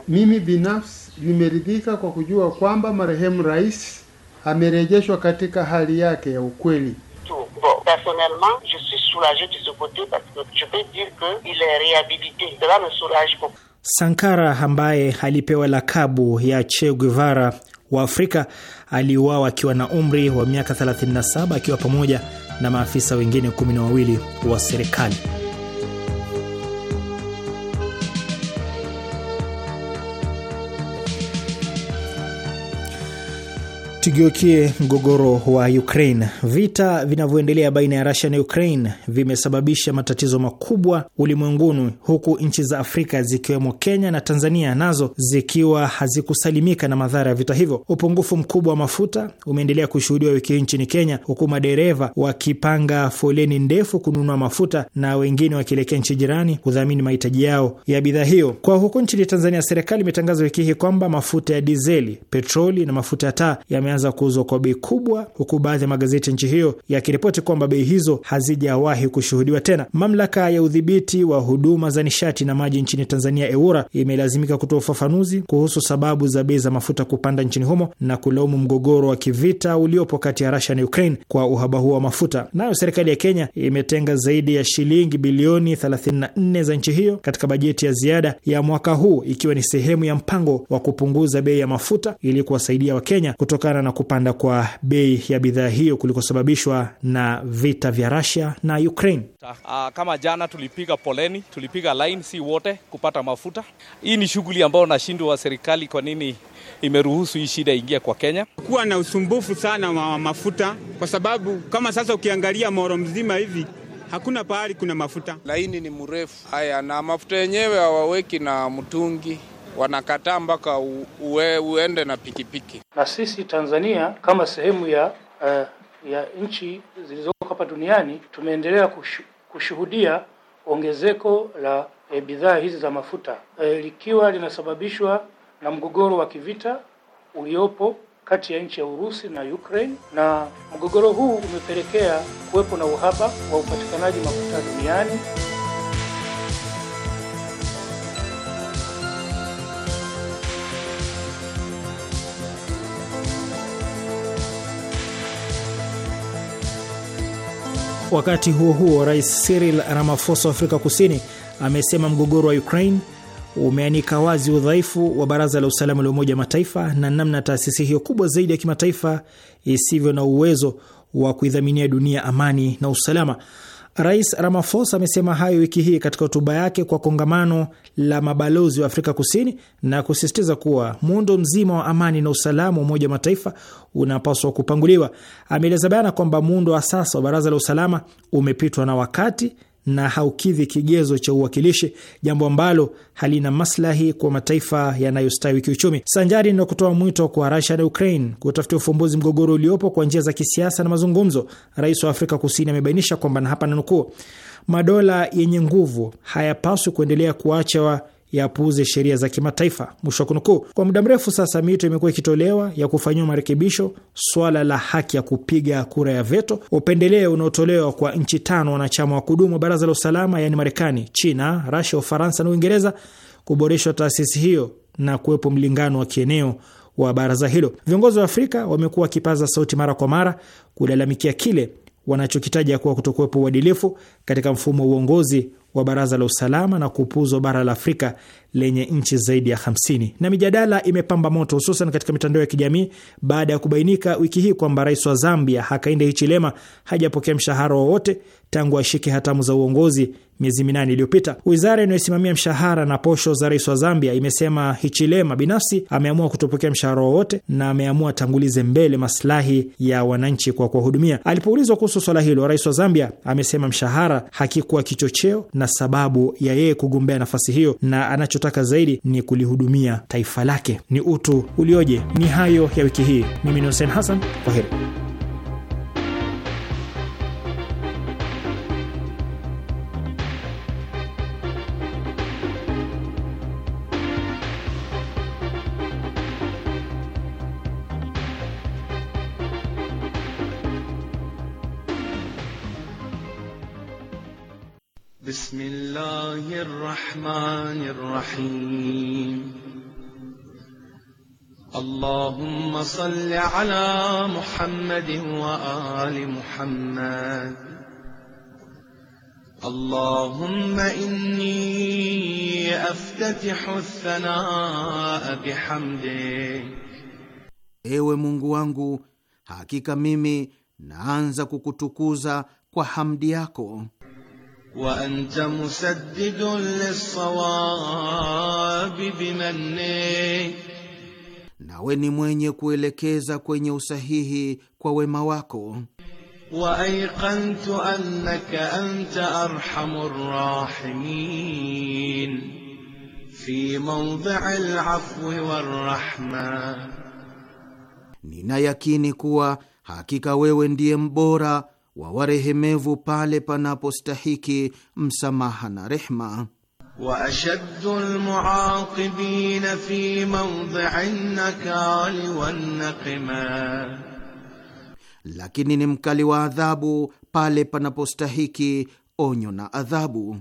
Mimi binafsi limeridhika kwa kujua kwamba marehemu rais amerejeshwa katika hali yake ya ukweli. Sankara ambaye alipewa lakabu ya Che Guevara wa Afrika aliuawa akiwa na umri wa miaka 37 akiwa pamoja na maafisa wengine kumi na wawili wa serikali. Tugeukie mgogoro wa Ukraine. Vita vinavyoendelea baina ya rasia na Ukraine vimesababisha matatizo makubwa ulimwenguni, huku nchi za Afrika zikiwemo Kenya na Tanzania nazo zikiwa hazikusalimika na madhara ya vita hivyo. Upungufu mkubwa wa mafuta umeendelea kushuhudiwa wiki hii nchini Kenya, huku madereva wakipanga foleni ndefu kununua mafuta na wengine wakielekea nchi jirani kudhamini mahitaji yao ya bidhaa hiyo. Kwa huku nchini Tanzania, serikali imetangaza wiki hii kwamba mafuta ya dizeli, petroli na mafuta ya taa zimeanza kuuzwa kwa bei kubwa, huku baadhi ya magazeti ya nchi hiyo yakiripoti kwamba bei hizo hazijawahi kushuhudiwa tena. Mamlaka ya udhibiti wa huduma za nishati na maji nchini Tanzania, EWURA, imelazimika kutoa ufafanuzi kuhusu sababu za bei za mafuta kupanda nchini humo na kulaumu mgogoro wa kivita uliopo kati ya Rusia na Ukraine kwa uhaba huo wa mafuta. Nayo serikali ya Kenya imetenga zaidi ya shilingi bilioni 34 za nchi hiyo katika bajeti ya ziada ya mwaka huu, ikiwa ni sehemu ya mpango wa kupunguza bei ya mafuta ili kuwasaidia Wakenya kutokana kutokana na kupanda kwa bei ya bidhaa hiyo kulikosababishwa na vita vya Russia na Ukraine. Ah, kama jana tulipiga poleni, tulipiga lain si wote kupata mafuta. Hii ni shughuli ambayo nashindwa serikali, kwa nini imeruhusu hii shida ingia kwa Kenya, kuwa na usumbufu sana wa mafuta, kwa sababu kama sasa ukiangalia Moro mzima hivi hakuna pahali kuna mafuta, laini ni mrefu haya, na mafuta yenyewe hawaweki na mtungi wanakataa mpaka uwe, uende na pikipiki. Na sisi Tanzania kama sehemu ya uh, ya nchi zilizoko hapa duniani tumeendelea kushu, kushuhudia ongezeko la e, bidhaa hizi za mafuta e, likiwa linasababishwa na mgogoro wa kivita uliopo kati ya nchi ya Urusi na Ukraine, na mgogoro huu umepelekea kuwepo na uhaba wa upatikanaji mafuta duniani. Wakati huo huo, Rais Cyril Ramaphosa wa Afrika Kusini amesema mgogoro wa Ukraine umeanika wazi udhaifu wa Baraza la Usalama la Umoja wa Mataifa na namna taasisi hiyo kubwa zaidi ya kimataifa isivyo na uwezo wa kuidhaminia dunia amani na usalama. Rais Ramaphosa amesema hayo wiki hii katika hotuba yake kwa kongamano la mabalozi wa Afrika Kusini na kusisitiza kuwa muundo mzima wa amani na usalama wa Umoja wa Mataifa unapaswa kupanguliwa. Ameeleza bayana kwamba muundo wa sasa wa Baraza la Usalama umepitwa na wakati na haukidhi kigezo cha uwakilishi, jambo ambalo halina maslahi kwa mataifa yanayostawi kiuchumi. Sanjari na kutoa mwito kwa rasia na Ukraine kutafutia ufumbuzi mgogoro uliopo kwa njia za kisiasa na mazungumzo, rais wa Afrika Kusini amebainisha kwamba, na hapa nanukuu, madola yenye nguvu hayapaswi kuendelea kuacha yapuuze sheria za kimataifa, mwisho wa kunukuu. Kwa muda mrefu sasa, mito imekuwa ikitolewa ya kufanyiwa marekebisho swala la haki ya kupiga kura ya veto, upendeleo unaotolewa kwa nchi tano wanachama wa kudumu wa baraza la usalama, yaani Marekani, China, Rasia, Ufaransa na Uingereza, kuboreshwa taasisi hiyo na kuwepo mlingano wa kieneo wa baraza hilo. Viongozi wa Afrika wamekuwa wakipaza sauti mara kwa mara kulalamikia kile wanachokitaja kuwa kutokuwepo uadilifu katika mfumo wa uongozi wa Baraza la Usalama na kuupuzwa bara la Afrika lenye nchi zaidi ya 50. Na mijadala imepamba moto hususan katika mitandao ya kijamii baada ya kubainika wiki hii kwamba rais wa Zambia Hakainde Hichilema hajapokea mshahara wowote tangu ashike hatamu za uongozi miezi minane iliyopita. Wizara inayosimamia mshahara na posho za rais wa Zambia imesema Hichilema binafsi ameamua kutopokea mshahara wowote na ameamua tangulize mbele maslahi ya wananchi kwa kuwahudumia. Alipoulizwa kuhusu swala hilo, rais wa Zambia amesema mshahara hakikuwa kichocheo na sababu ya yeye kugombea nafasi hiyo, na anachotaka zaidi ni kulihudumia taifa lake. Ni utu ulioje! Ni hayo ya wiki hii. Mimi ni Hussein Hassan, kwa heri. الله الرحمن الرحيم اللهم صل على محمد وآل محمد اللهم إني أفتتح الثناء بحمدك Ewe Mungu wangu, hakika mimi naanza kukutukuza kwa hamdi yako وأنت مسدد للصواب بمنك nawe ni mwenye kuelekeza kwenye usahihi kwa wema wako. wa waaiqantu annaka anta arhamur rahimin fi mawdii alafwi warrahma, nina yakini kuwa hakika wewe ndiye mbora wawarehemevu pale panapostahiki msamaha na rehma. وأشد المعاقبين في موضع النكال والنقما, lakini ni mkali wa adhabu pale panapostahiki onyo na adhabu.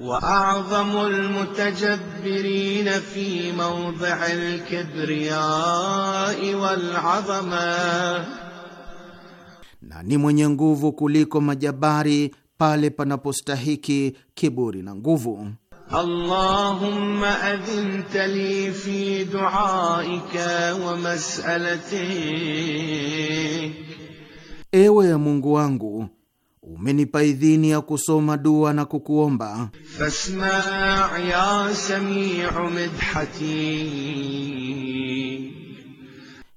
وأعظم المتجبرين في موضع الكبرياء والعظمة na ni mwenye nguvu kuliko majabari pale panapostahiki kiburi na nguvu. Allahumma adhinta li fi duaika wa ewe ya Mungu wangu umenipa idhini ya kusoma dua na kukuomba. Fasma ya samiu midhati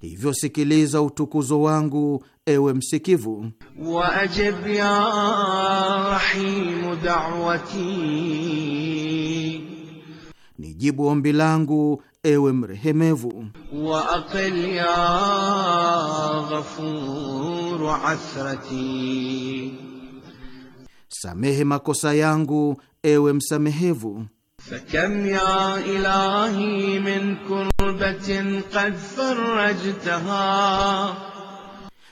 hivyo sikiliza utukuzo wangu, ewe msikivu. Waajib ya rahimu dawati, nijibu ombi langu, ewe mrehemevu. Waaqil ya ghafuru athrati, samehe makosa yangu, ewe msamehevu. فكم يا إلهي من كربة قد فرجتها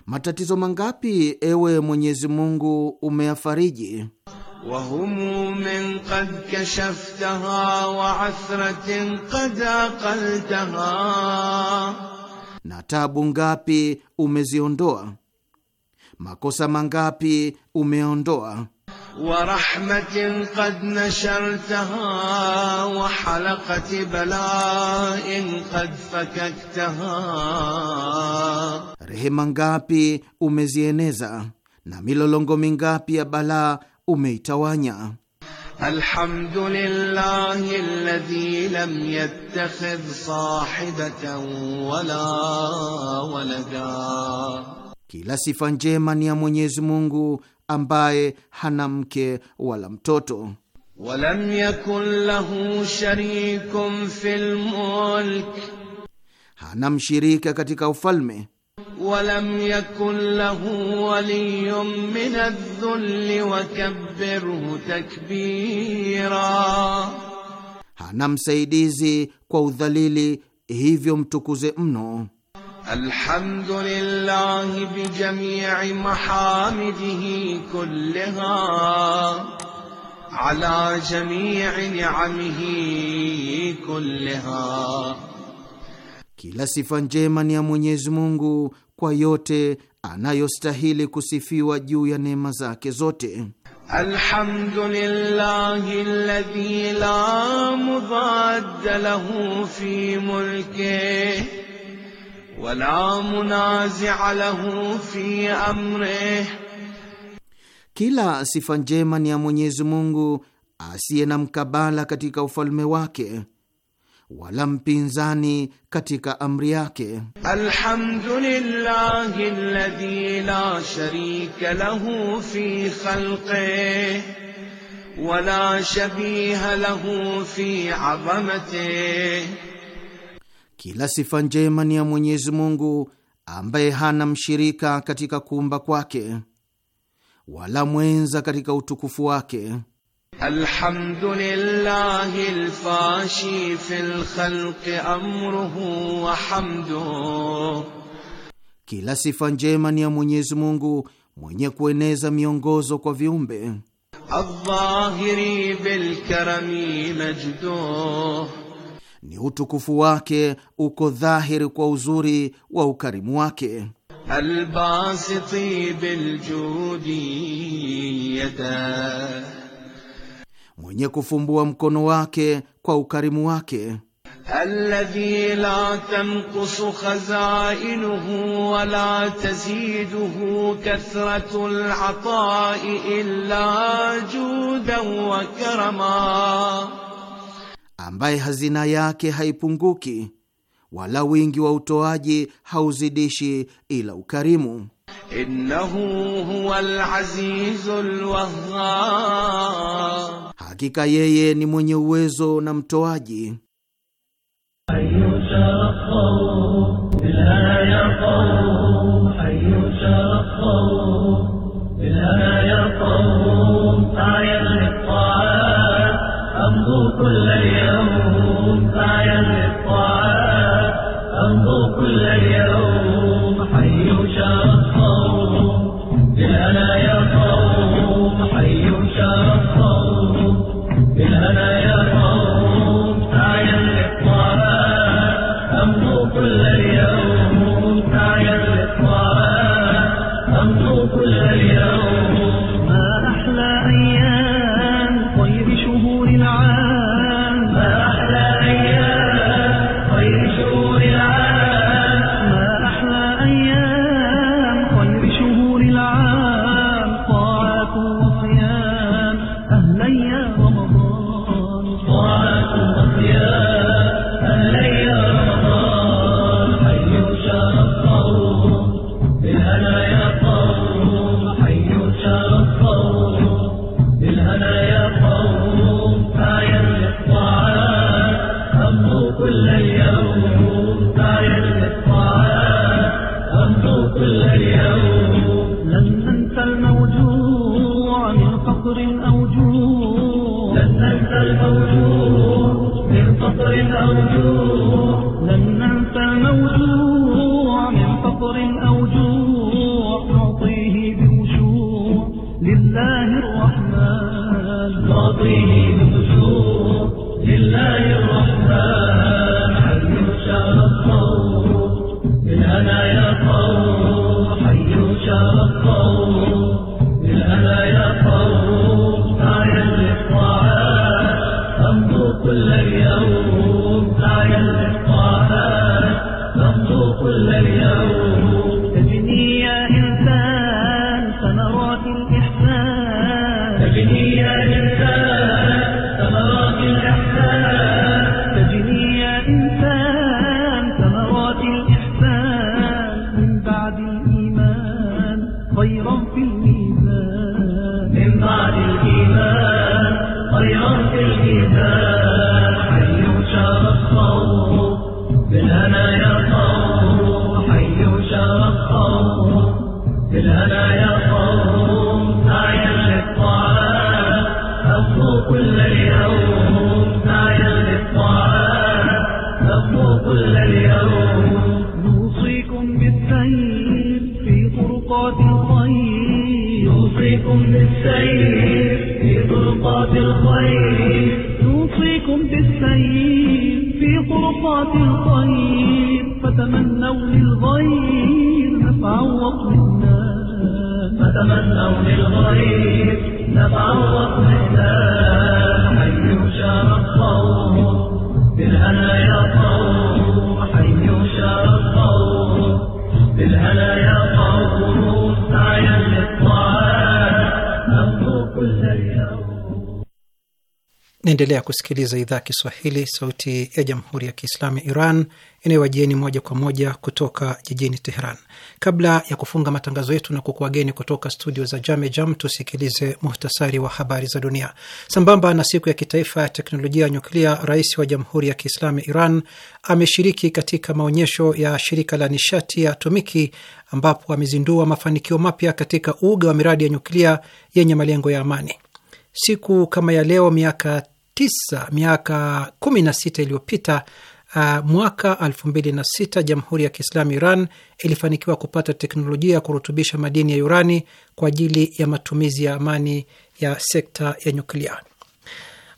matatizo mangapi ewe Mwenyezi Mungu umeyafariji. wa humumin qad kashaftaha wa athratin qad aqaltaha, na tabu ngapi umeziondoa, makosa mangapi umeondoa ورحمة قد نشرتها وحلقة بلاء قد فككتها Rehema ngapi umezieneza na milolongo mingapi ya bala umeitawanya. Alhamdulillahi alladhi lam yattakhidh sahibatan wala walada, kila sifa njema ni ya Mwenyezi Mungu ambaye hana mke wala mtoto. walam yakun lahu sharikun fil mulk, hana mshirika katika ufalme. walam yakun lahu min adh-dhulli takbira, hana msaidizi kwa udhalili, hivyo mtukuze mno. الحمد لله بجميع محامده كلها على جميع نعمه كلها kila sifa njema ni ya Mwenyezi Mungu kwa yote anayostahili kusifiwa juu ya neema zake zote. Alhamdulillahi alladhi la mudadda lahu fi mulkihi ولا منازع له في امره kila sifa njema ni ya Mwenyezi Mungu asiye na mkabala katika ufalme wake wala mpinzani katika amri yake. Alhamdulillahi alladhi la sharika lahu fi khalqi wala shabiha lahu fi azamati kila sifa njema ni ya Mwenyezi Mungu ambaye hana mshirika katika kuumba kwake wala mwenza katika utukufu wake. Alhamdulillahi alfashi fil khalqi amruhu wa kila sifa njema ni ya Mwenyezi Mungu mwenye kueneza miongozo kwa viumbe. bilkarami majduh ni utukufu wake uko dhahiri kwa uzuri wa ukarimu wake. Mwenye kufumbua mkono wake kwa ukarimu wake alladhi la tanqusu khazainuhu wa la taziduhu illa judan wa karama ambaye hazina yake haipunguki wala wingi wa utoaji hauzidishi ila ukarimu. Innahu wahhab, hakika yeye ni mwenye uwezo na mtoaji. كل يوم أعلم الطاعات أنظر كل يوم من قطر لن ننسى موجوع من قطر الأوجوه بالسير في طرقات الخير نوصيكم بالسير في طرقات الخير فتمنوا للغير نفعا وطمئنا فتمنوا للغير نفعا وطمئنا حيوا بالهنا يا قوم حيوا شعر بالهنا Naendelea kusikiliza idhaa ya Kiswahili, sauti ya jamhuri ya kiislamu ya Iran inayowajieni moja kwa moja kutoka jijini Teheran. Kabla ya kufunga matangazo yetu na kukuageni kutoka studio za Jam, tusikilize muhtasari wa habari za dunia. Sambamba na siku ya kitaifa ya teknolojia ya nyuklia, rais wa jamhuri ya kiislamu ya Iran ameshiriki katika maonyesho ya shirika la nishati ya atomiki ambapo amezindua mafanikio mapya katika uga wa miradi ya nyuklia yenye malengo ya amani. Siku kama ya leo miaka tisa miaka sita iliyopita, uh, mwaka 2006 Jamhuri ya Kiislamu Iran ilifanikiwa kupata teknolojia ya kurutubisha madini ya urani kwa ajili ya matumizi ya amani ya sekta ya nyuklia.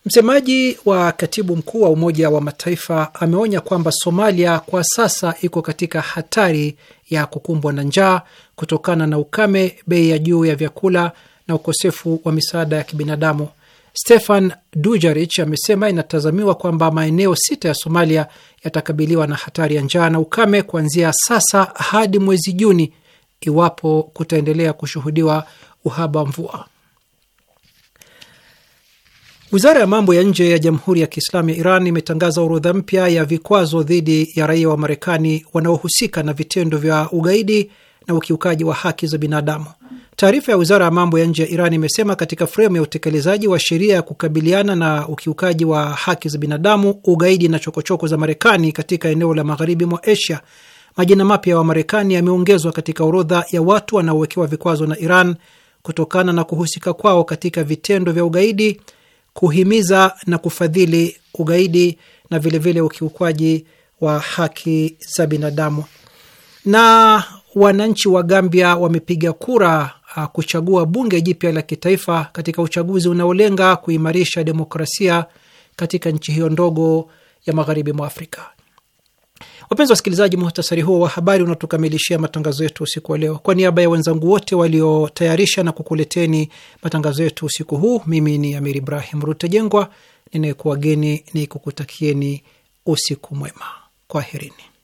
Msemaji wa katibu mkuu wa Umoja wa Mataifa ameonya kwamba Somalia kwa sasa iko katika hatari ya kukumbwa na njaa kutokana na ukame, bei ya juu ya vyakula na ukosefu wa misaada ya kibinadamu Stefan Dujarric amesema inatazamiwa kwamba maeneo sita ya Somalia yatakabiliwa na hatari ya njaa na ukame kuanzia sasa hadi mwezi Juni iwapo kutaendelea kushuhudiwa uhaba wa mvua. Wizara ya mambo ya nje ya Jamhuri ya Kiislamu ya Iran imetangaza orodha mpya ya vikwazo dhidi ya raia wa Marekani wanaohusika na vitendo vya ugaidi na ukiukaji wa haki za binadamu. Taarifa ya wizara ya mambo ya nje ya Iran imesema katika fremu ya utekelezaji wa sheria ya kukabiliana na ukiukaji wa haki za binadamu, ugaidi na chokochoko za Marekani katika eneo la magharibi mwa Asia, majina mapya ya Wamarekani yameongezwa katika orodha ya watu wanaowekewa vikwazo na Iran kutokana na kuhusika kwao katika vitendo vya ugaidi, kuhimiza na kufadhili ugaidi na vilevile vile ukiukwaji wa haki za binadamu. Na wananchi wa Gambia wamepiga kura kuchagua bunge jipya la kitaifa katika uchaguzi unaolenga kuimarisha demokrasia katika nchi hiyo ndogo ya magharibi mwa Afrika. Wapenzi wa wasikilizaji, muhtasari huo wa habari unatukamilishia matangazo yetu usiku wa leo. Kwa niaba ya wenzangu wote waliotayarisha na kukuleteni matangazo yetu usiku huu, mimi ni Amir Ibrahim rutejengwa ninayekuwageni ni kukutakieni usiku mwema. Kwaherini.